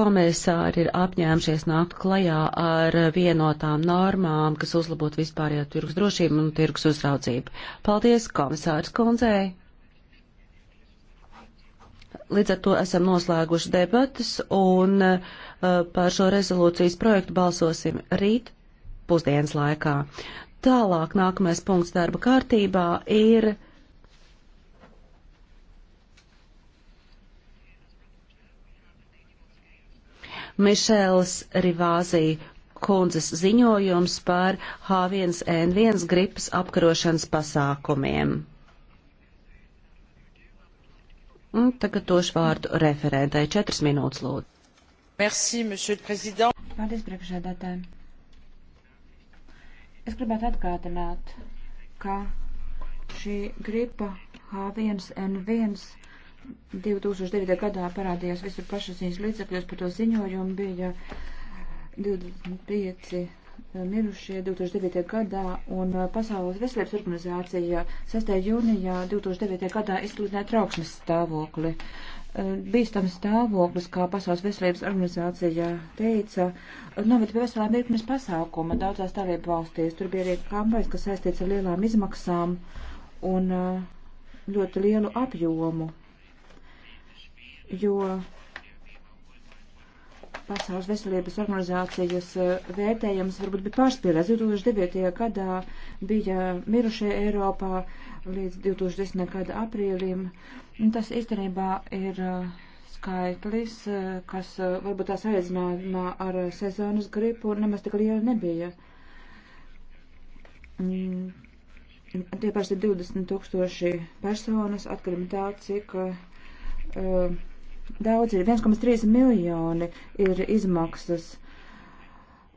Komisāri ir apņēmušies nākt klajā ar vienotām normām, kas uzlabot vispārējo tirgus drošību un tirgus uzraudzību. Paldies, komisārs Kundzei! Līdz ar to esam noslēguši debatas un uh, par šo rezolūcijas projektu balsosim rīt pusdienas laikā. Tālāk nākamais punkts darba kārtībā ir. Mišēlas Rivāzī kundzes ziņojums par H1N1 gripas apkarošanas pasākumiem. Un tagad došu vārdu referentai. Četras minūtes lūdzu. Merci, monsieur le président. Paldies, priekšsēdētāji. Es gribētu atgādināt, ka šī gripa H1N1 2009. gadā parādījās visur plašsaziņas līdzakļos, par to ziņojumu bija 25 eh, mirušie 2009. gadā, un eh, Pasaules veselības organizācija 6. jūnijā 2009. gadā izsludināja trauksmes stāvokli. Eh, Bīstams stāvoklis, kā Pasaules veselības organizācija teica, noved pie veselām virknes pasākuma daudzās dalību valstīs. Tur bija arī kampaņas, kas saistīts ar lielām izmaksām un ļoti lielu apjomu jo Pasaules veselības organizācijas eh, vērtējums varbūt bija pārspīlēts. 2009. gadā bija mirušie Eiropā līdz 2010. gada aprīlim. Tas īstenībā ir eh, skaitlis, eh, kas varbūt tā sareizinājumā ar sezonas gripu nemaz tik liela nebija. Mm, tie parasti 20 tūkstoši personas, atkarībā tā, cik. Uh, daudz ir 1,3 miljoni ir izmaksas.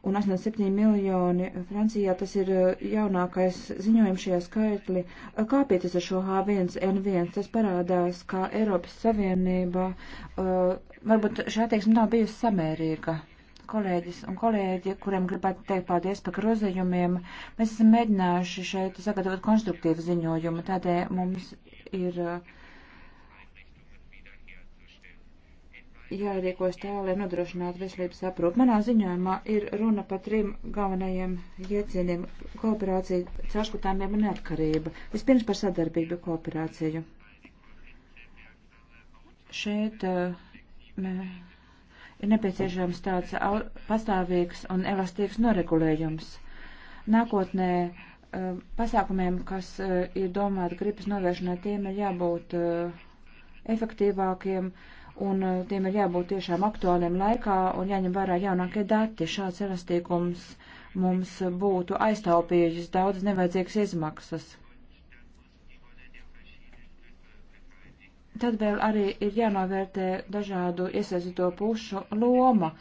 Un 87 miljoni Francijā tas ir eh, jaunākais ziņojums šajā skaitli. Eh, Kāpēc tas ar šo H1N1? Tas parādās, kā Eiropas Savienība uh, varbūt šī attieksme nav bijusi samērīga. Kolēģis un kolēģi, kuriem gribētu teikt paldies par grozījumiem, mēs esam mēģinājuši šeit sagatavot konstruktīvu ziņojumu, tādēļ mums ir. Uh, jārīkojas tā, lai nodrošinātu veselības aprūpu. Manā ziņojumā ir runa par trim galvenajiem iecieniem - kooperācija, caurskatāmība un neatkarība. Vispirms par sadarbību kooperāciju. Šeit uh, ir nepieciešams tāds pastāvīgs un elastīgs noregulējums. Nākotnē uh, pasākumiem, kas uh, ir domāti gripas novēršanai, tiem ir jābūt uh, efektīvākiem. Uh, un eh, tiem ir jābūt tiešām aktuāliem laikā un jāņem vērā jaunākie dati. Šāds elastīgums mums būtu aiztaupījis daudz nevajadzīgas izmaksas. Tad vēl arī ir jānovērtē dažādu iesaistīto pušu loma,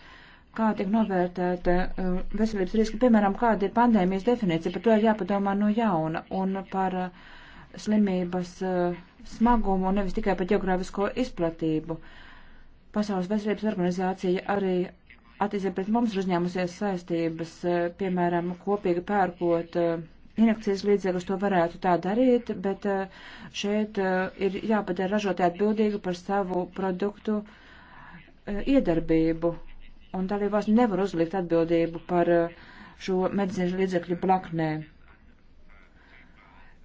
kā tiek novērtēta eh, veselības riska, piemēram, kāda ir pandēmijas definīcija, par to ir jāpadomā no jauna un par uh, slimības uh, smagumu un nevis tikai par geogrāfisko izplatību. Pasaules veselības organizācija arī attiecībā pret mums ir uzņēmusies saistības, uh, piemēram, kopīgi pērkot uh, injekcijas līdzekļus to varētu tā darīt, bet šeit ir jāpadara ražotāji atbildīgi par savu produktu iedarbību. Un dalībās nevar uzlikt atbildību par šo medicīnas līdzekļu blaknēm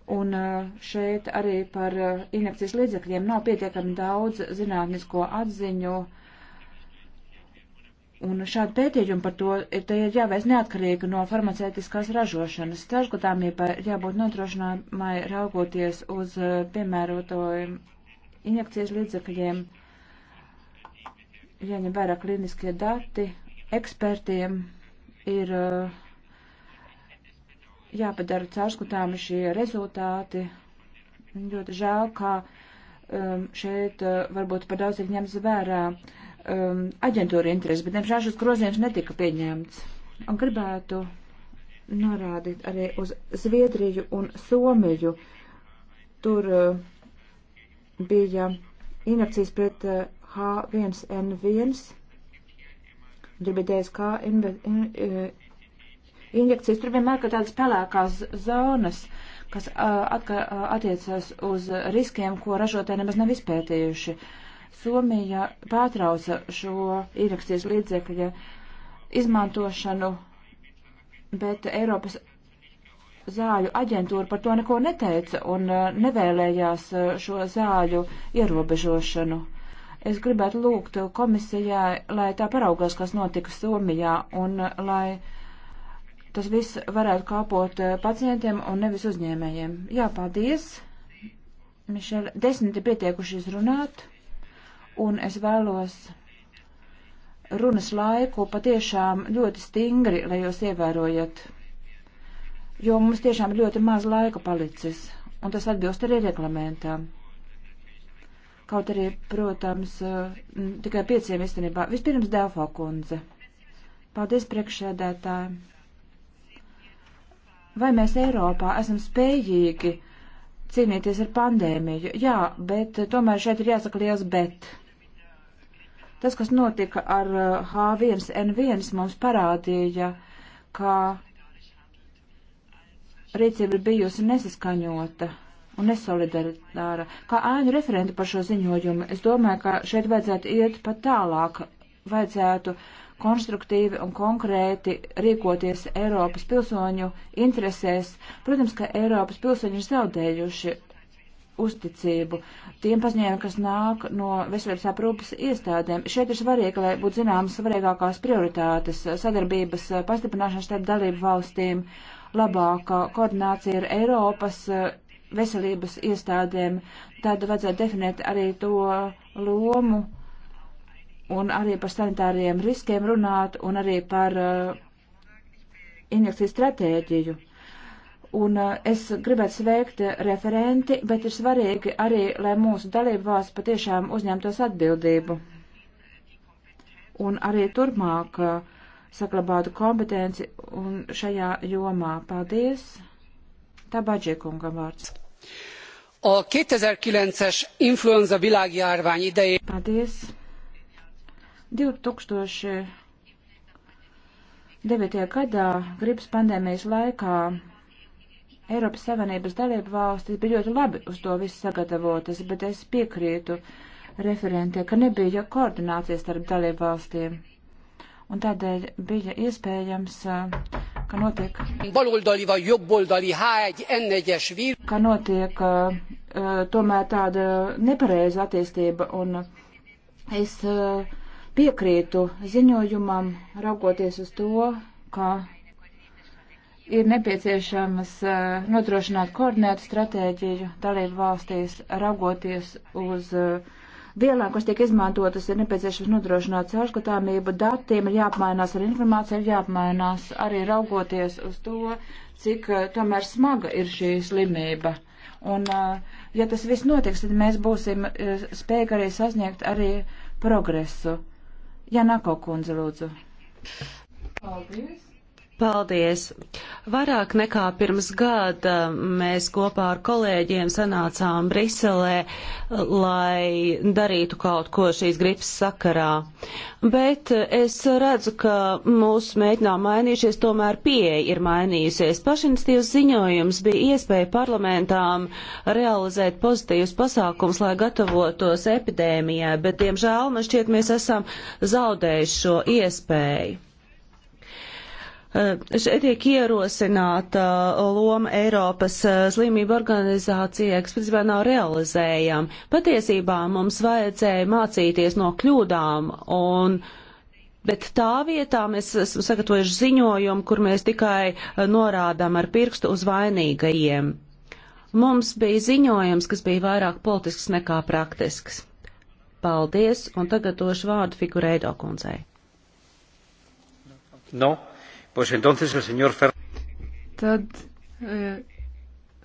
Un eh, šeit arī par eh, injekcijas līdzekļiem nav pietiekami daudz zinātnisko atziņu. Un šādi pētījumi par to eh, ir, ir jāveic neatkarīgi no farmaceitiskās ražošanas. Stažgadāmībai jābūt notrošināmai raugoties uz piemērotojiem injekcijas līdzekļiem, jāņem vērā klīniskie dati, ekspertiem ir uh, jāpadara caurskatāmi šie rezultāti. Ļoti žēl, ka um, šeit uh, varbūt par daudz ir ņemts vērā um, aģentūra interesi, bet diemžēl šis grozījums netika pieņemts. Un gribētu norādīt arī uz Zviedriju un Somiju. Tur uh, bija inakcijas pret uh, H1N1. Tur bija DSK in, in, uh, in, injekcijas, tur vienmēr ir tādas pelēkās zonas, kas atka, attiecas uz riskiem, ko ražotāji nemaz nav izpētījuši. Somija pārtrauca šo injekcijas līdzekļu izmantošanu, bet Eiropas zāļu aģentūra par to neko neteica un nevēlējās šo zāļu ierobežošanu. Es gribētu lūgt komisijai, lai tā paraugās, kas notika Somijā un lai tas viss varētu kāpot eh, pacientiem un nevis uzņēmējiem. Jā, paldies. Mišel, desmit ir pietiekušies runāt, un es vēlos runas laiku patiešām ļoti stingri, lai jūs ievērojat, jo mums tiešām ļoti maz laika palicis, un tas atbilst arī reglamentām. Kaut arī, protams, eh, tikai pieciem īstenībā. Vispirms Dēlfā kundze. Paldies priekšsēdētājiem! Vai mēs Eiropā esam spējīgi cīnīties ar pandēmiju? Jā, bet tomēr šeit ir jāsaka liels bet. Tas, kas notika ar H1N1, uh, mums parādīja, ka rīcība ir bijusi nesaskaņota un nesolidaritāra. Kā ēnu referenti par šo ziņojumu, es domāju, ka šeit vajadzētu iet pat tālāk. Vajadzētu konstruktīvi un konkrēti rīkoties Eiropas pilsoņu interesēs. Protams, ka Eiropas pilsoņi ir zaudējuši uzticību tiem paziņojumiem, kas nāk no veselības aprūpas iestādēm. Šeit ir svarīgi, lai būtu zināmas svarīgākās prioritātes - sadarbības pastiprināšana starp dalību valstīm, labāka koordinācija ar Eiropas veselības iestādēm. Tad vajadzētu definēt arī to lomu un arī par sanitāriem riskiem runāt un arī par uh, injekciju stratēģiju. Un uh, es gribētu sveikt referenti, bet ir svarīgi arī, lai mūsu dalību valsts patiešām uzņemtos atbildību. Un arī turpmāk uh, saglabātu kompetenci un šajā jomā. Paldies! Tā baģiekungam vārds. A 2009-es influenza világjárvány idején. Paldies! 2009. gadā gripas pandēmijas laikā Eiropas Savienības dalību valstis bija ļoti labi uz to visu sagatavotas, bet es piekrītu referentē, ka nebija koordinācijas starp dalību valstīm. Un tādēļ bija iespējams, ka notiek. Baloldali vai jobboldali H1N1-es vīrs. Ka notiek uh, tomēr tāda nepareiza attīstība un es. Uh, Piekrītu ziņojumam, raugoties uz to, ka ir nepieciešams eh, nodrošināt koordinētu stratēģiju dalību valstīs, raugoties uz eh, vielām, kas tiek izmantotas, ir nepieciešams nodrošināt caurskatāmību, datiem ir jāapmainās ar informāciju, ir jāapmainās arī raugoties uz to, cik eh, tomēr smaga ir šī slimība. Un, ja tas viss notiks, tad mēs būsim spējīgi arī sasniegt arī progresu. Janako kundze, lūdzu. Paldies! Paldies! Vairāk nekā pirms gada mēs kopā ar kolēģiem sanācām Briselē, lai darītu kaut ko šīs gripas sakarā. Bet es redzu, ka mūsu mēģinām mainījušies, tomēr pieeja ir mainījusies. Pašinstīvs ziņojums bija iespēja parlamentām realizēt pozitīvus pasākums, lai gatavotos epidēmijai, bet, diemžēl, man šķiet, mēs esam zaudējuši šo iespēju. Eh, šeit tiek ierosināta eh, loma Eiropas eh, slimību organizācijai, kas principā nav realizējama. Patiesībā mums vajadzēja mācīties no kļūdām, un, bet tā vietā mēs esam sagatavojuši ziņojumu, kur mēs tikai norādām ar pirkstu uz vainīgajiem. Mums bija ziņojums, kas bija vairāk politisks nekā praktisks. Paldies, un tagad došu vārdu figurēdo kundzei. No. Pues entonces el señor Fer... Tad e,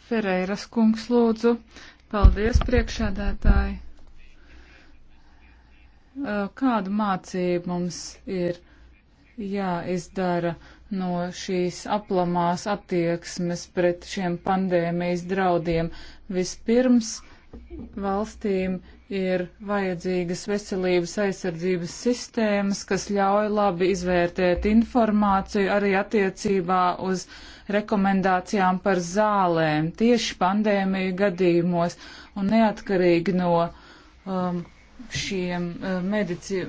Ferreiras kungs lūdzu. Paldies, priekšādātāji. E, kādu mācību mums ir jāizdara no šīs aplamās attieksmes pret šiem pandēmijas draudiem? Vispirms valstīm ir vajadzīgas veselības aizsardzības sistēmas, kas ļauj labi izvērtēt informāciju arī attiecībā uz rekomendācijām par zālēm tieši pandēmiju gadījumos un neatkarīgi no um, šiem uh, medici,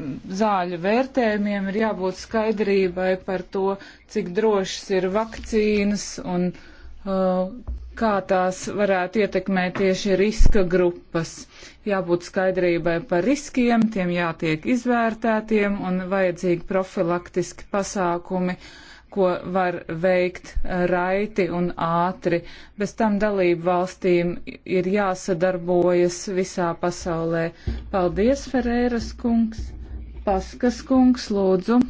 zāļu vērtējumiem ir jābūt skaidrībai par to, cik drošas ir vakcīnas un uh, kā tās varētu ietekmēt tieši riska grupas. Jābūt skaidrībai par riskiem, tiem jātiek izvērtētiem un vajadzīgi profilaktiski pasākumi, ko var veikt raiti un ātri. Bez tam dalību valstīm ir jāsadarbojas visā pasaulē. Paldies, Ferēras kungs! Paskas kungs, lūdzu!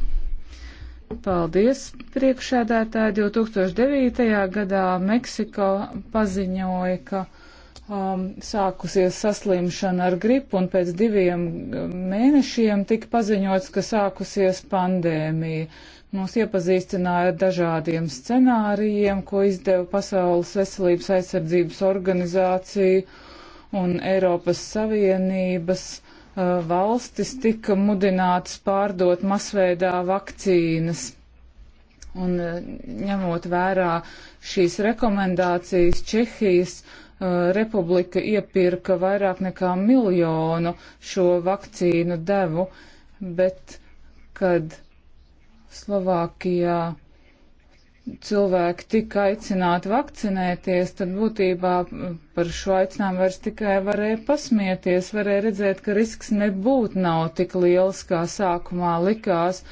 Paldies, priekšēdētāji. 2009. gadā Meksiko paziņoja, ka um, sākusies saslimšana ar gripu, un pēc diviem um, mēnešiem tika paziņots, ka sākusies pandēmija. Mūs iepazīstināja ar dažādiem scenārijiem, ko izdeva Pasaules veselības aizsardzības organizācija un Eiropas Savienības Eh, valstis tika mudinātas pārdot masveidā vakcīnas. Un eh, ņemot vērā šīs rekomendācijas, Čehijas uh, republika iepirka vairāk nekā miljonu šo vakcīnu devu, bet kad Slovākijā cilvēki tika aicināti vakcinēties, tad būtībā mm, par šo aicinājumu vairs tikai varēja pasmieties, varēja redzēt, ka risks nebūtu nav tik liels, kā sākumā likās,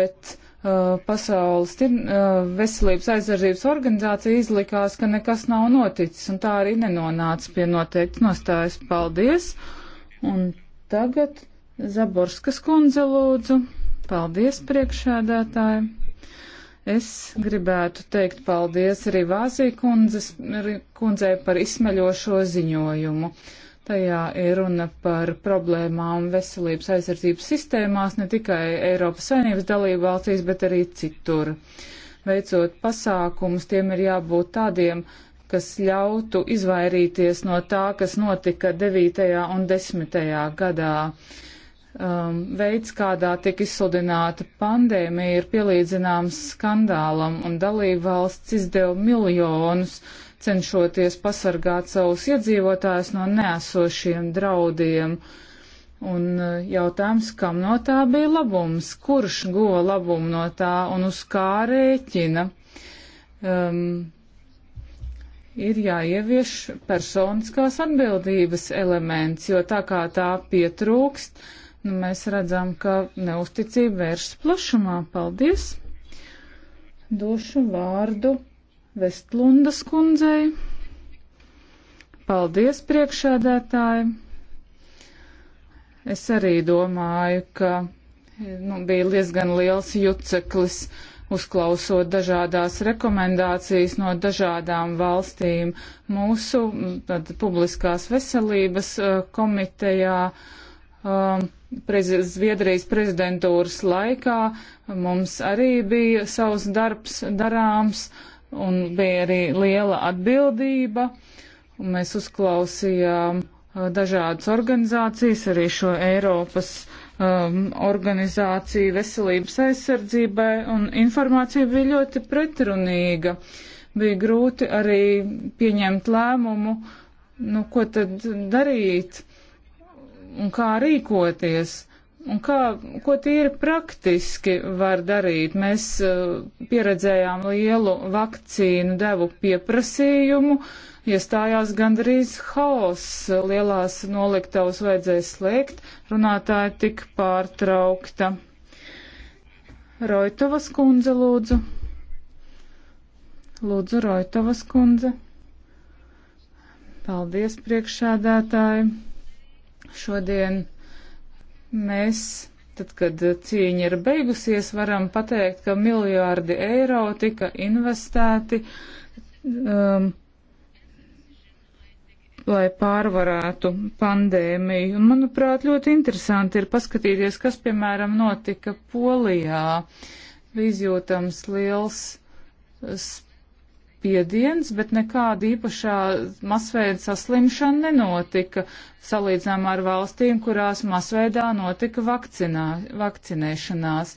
bet uh, Pasaules tir, uh, veselības aizsardzības organizācija izlikās, ka nekas nav noticis, un tā arī nenonāca pie noteikti nostājas. Paldies! Un tagad Zaborskas kundze lūdzu. Paldies priekšēdētāji! Es gribētu teikt paldies arī Vāzī kundzes, kundzei par izsmeļošo ziņojumu. Tajā ir runa par problēmām veselības aizsardzības sistēmās ne tikai Eiropas Savienības dalību valstīs, bet arī citur. Veicot pasākumus, tiem ir jābūt tādiem, kas ļautu izvairīties no tā, kas notika 9. un 10. gadā. Uh, um, veids, kādā tiek izsludināta pandēmija, ir pielīdzināms skandālam, un dalībvalsts izdeva miljonus, cenšoties pasargāt savus iedzīvotājus no nēsošiem draudiem. Un uh, jautājums, kam no tā bija labums, kurš guva labumu no tā un uz kā rēķina? Um, ir jāievieš personiskās atbildības elements, jo tā kā tā pietrūkst, uh, Nu, mēs redzam, ka neusticība vēršas plašumā. Paldies! Došu vārdu Vestlundas kundzei. Paldies, priekšādētāji! Es arī domāju, ka nu, bija diezgan liels juceklis uzklausot dažādās rekomendācijas no dažādām valstīm mūsu tad, publiskās veselības komitejā. Um, prez, Zviedrijas prezidentūras laikā mums arī bija savs darbs darāms un bija arī liela atbildība. Un mēs uzklausījām uh, dažādas organizācijas, arī šo Eiropas um, organizāciju veselības aizsardzībai, un informācija bija ļoti pretrunīga. Bija grūti arī pieņemt lēmumu, nu, ko tad darīt un kā rīkoties. Un kā, ko tīri praktiski var darīt? Mēs uh, pieredzējām lielu vakcīnu devu pieprasījumu, iestājās gandrīz haoss, lielās noliktavas vajadzēja slēgt, runātāja tik pārtraukta. Roitovas kundze, lūdzu. Lūdzu, Roitovas kundze. Paldies, priekšādātāji šodien mēs, tad, kad cīņa ir beigusies, varam pateikt, ka miljārdi eiro tika investēti, um, lai pārvarētu pandēmiju. Un, manuprāt, ļoti interesanti ir paskatīties, kas, piemēram, notika Polijā. Bija izjūtams liels spēks spiediens, bet nekāda īpašā masveida saslimšana nenotika, salīdzinām ar valstīm, kurās masveidā notika vakcinā, vakcinēšanās.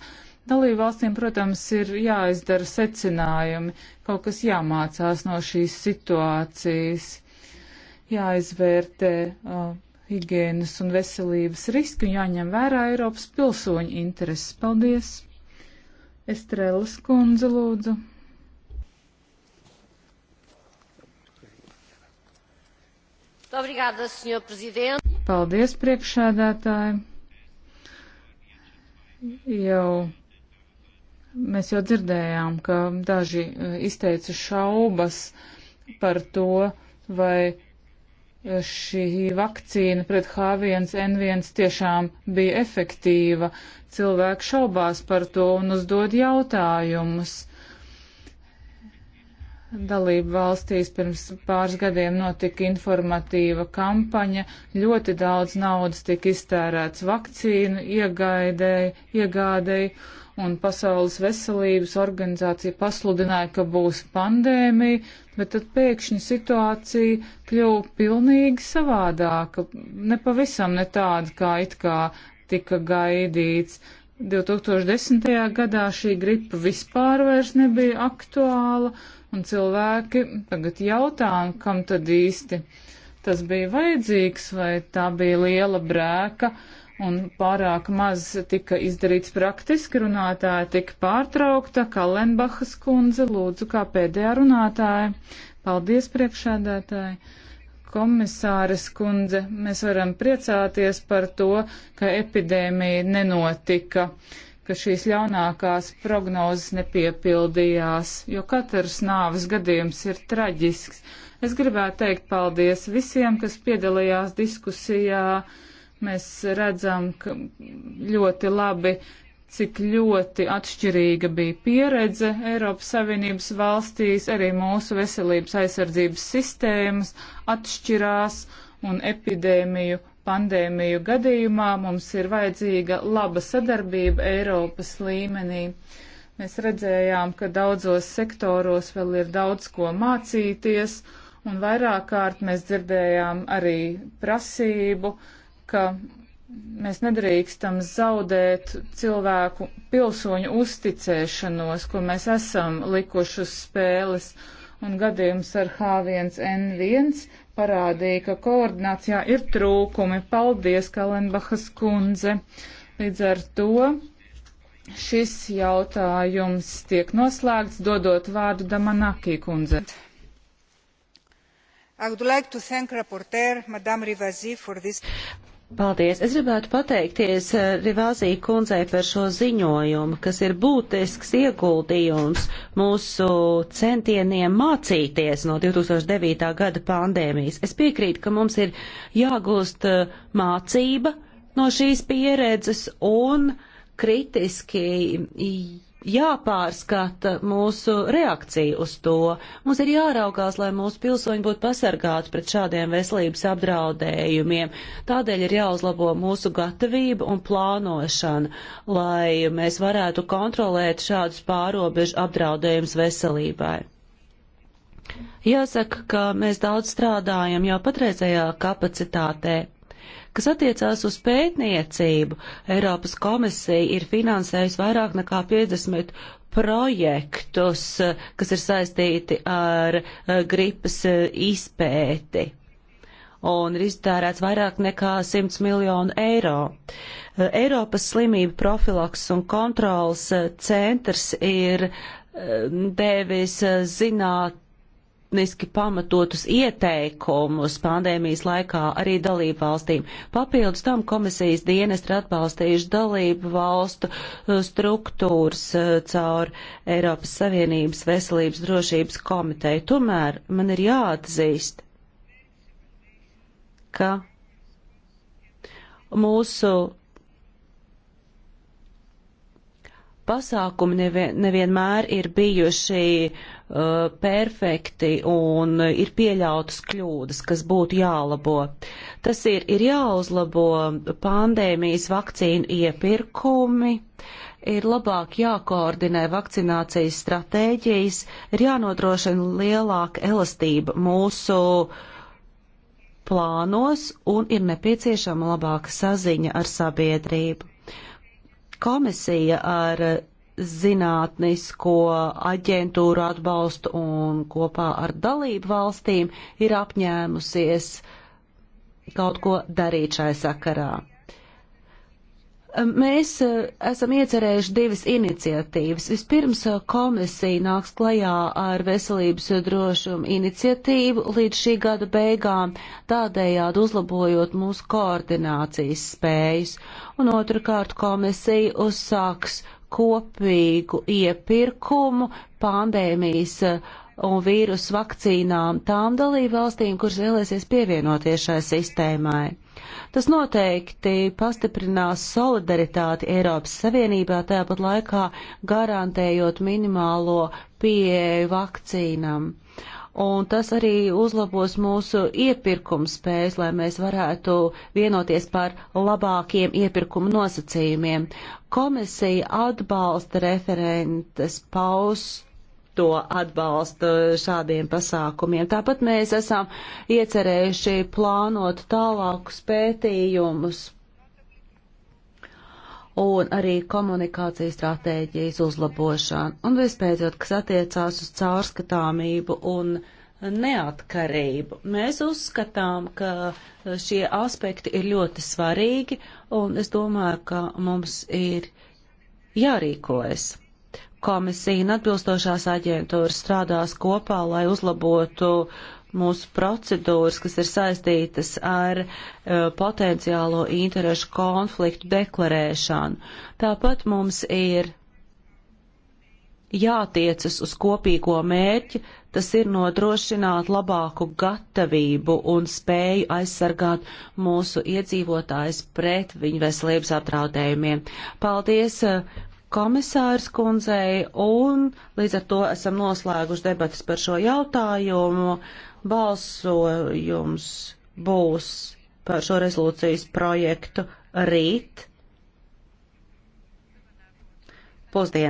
Dalību valstīm, protams, ir jāizdara secinājumi, kaut kas jāmācās no šīs situācijas, jāizvērtē uh, higienas un veselības riski un jāņem vērā Eiropas pilsoņu intereses. Paldies! Estrelas kundze lūdzu. Obrigada, senhor prezident. Paldies, priekšsēdētāji. Jau mēs jau dzirdējām, ka daži eh, izteica šaubas par to, vai šī vakcīna pret H1N1 tiešām bija efektīva. Cilvēki šaubās par to un uzdod jautājumus dalību valstīs pirms pāris gadiem notika informatīva kampaņa. Ļoti daudz naudas tika iztērēts vakcīnu iegaidēji, iegādēji, un Pasaules veselības organizācija pasludināja, ka būs pandēmija, bet tad pēkšņi situācija kļuva pilnīgi savādāka, nepavisam ne tāda, kā it kā tika gaidīts. Uh, 2010. gadā šī gripa vispār vairs nebija aktuāla, un cilvēki tagad jautā, kam tad īsti tas bija vajadzīgs, vai tā bija liela brēka, un pārāk maz tika izdarīts praktiski, runātāja tika pārtraukta, Kalenbachas kundze lūdzu kā pēdējā runātāja. Paldies priekšādātāji! komisāres kundze, mēs varam priecāties par to, ka epidēmija nenotika, ka šīs ļaunākās prognozes nepiepildījās, jo katrs nāves gadījums ir traģisks. Es gribētu teikt paldies visiem, kas piedalījās diskusijā. Mēs redzam, ka ļoti labi cik ļoti atšķirīga bija pieredze Eiropas Savienības valstīs, arī mūsu veselības aizsardzības sistēmas atšķirās un epidēmiju, pandēmiju gadījumā mums ir vajadzīga laba sadarbība Eiropas līmenī. Mēs redzējām, ka daudzos sektoros vēl ir daudz ko mācīties, un vairāk kārt mēs dzirdējām arī prasību, ka Mēs nedrīkstam zaudēt cilvēku pilsoņu uzticēšanos, ko mēs esam likuši uz spēles. Un gadījums ar H1N1 parādīja, ka koordinācijā ir trūkumi. Paldies, Kalenbachas kundze. Līdz ar to šis jautājums tiek noslēgts, dodot vārdu Damanakī kundze. Like this... Paldies! Es gribētu pateikties eh, Rivāzī kundzei par šo ziņojumu, kas ir būtisks ieguldījums mūsu centieniem mācīties no 2009. gada pandēmijas. Es piekrītu, ka mums ir jāgūst eh, mācība no šīs pieredzes un kritiski jāpārskata mūsu reakcija uz to. Mums ir jāraugās, lai mūsu pilsoņi būtu pasargāti pret šādiem veselības apdraudējumiem. Tādēļ ir jāuzlabo mūsu gatavība un plānošana, lai mēs varētu kontrolēt šādus pārobežu apdraudējumus veselībai. Jāsaka, ka mēs daudz strādājam jau patreizējā kapacitātē. Kas attiecās uz pētniecību, Eiropas komisija ir finansējusi vairāk nekā 50 projektus, kas ir saistīti ar eh, gripas eh, izpēti. Un ir iztērēts vairāk nekā 100 miljonu eiro. Eh, Eiropas slimību profilaks un kontrols centrs ir devis zināt zinātniski pamatotus ieteikumus pandēmijas laikā arī dalību valstīm. Papildus tam komisijas dienas ir atbalstījuši dalību valstu uh, struktūras uh, caur Eiropas Savienības veselības drošības komiteju. Tomēr man ir jāatzīst, ka mūsu pasākumi nevien, nevienmēr ir bijuši uh, perfekti un ir pieļautas kļūdas, kas būtu jālabo. Tas ir, ir jāuzlabo pandēmijas vakcīnu iepirkumi, ir labāk jākoordinē vakcinācijas stratēģijas, ir jānodrošina lielāka elastība mūsu plānos un ir nepieciešama labāka saziņa ar sabiedrību. Komisija ar zinātnisko aģentūru atbalstu un kopā ar dalību valstīm ir apņēmusies kaut ko darīt šai sakarā. Mēs eh, esam iecerējuši divas iniciatīvas. Vispirms eh, komisija nāks klajā ar veselības drošumu iniciatīvu līdz šī gada beigām, tādējādi uzlabojot mūsu koordinācijas spējas. Un otrkārt komisija uzsāks kopīgu iepirkumu pandēmijas eh, un vīrusu vakcīnām tām dalību valstīm, kuras vēlēsies pievienoties šai sistēmai. Tas noteikti pastiprinās solidaritāti Eiropas Savienībā, tāpat laikā garantējot minimālo pieeju vakcīnam. Un tas arī uzlabos mūsu iepirkuma spējas, lai mēs varētu vienoties par labākiem iepirkuma nosacījumiem. Komisija atbalsta referentes paust to atbalstu šādiem pasākumiem. Tāpat mēs esam iecerējuši plānot tālākus pētījumus un arī komunikācijas stratēģijas uzlabošanu. Un vispēcot, kas attiecās uz caurskatāmību un neatkarību. Mēs uzskatām, ka šie aspekti ir ļoti svarīgi, un es domāju, ka mums ir jārīkojas komisija un atbilstošās aģentūras strādās kopā, lai uzlabotu mūsu procedūras, kas ir saistītas ar uh, potenciālo interešu konfliktu deklarēšanu. Tāpat mums ir jātiecas uz kopīgo mērķi, tas ir nodrošināt labāku gatavību un spēju aizsargāt mūsu iedzīvotājs pret viņu veselības apdraudējumiem. Paldies! Uh, komisārs kundzei, un līdz ar to esam noslēguši debatas par šo jautājumu. Balsojums būs par šo rezolūcijas projektu rīt pusdien.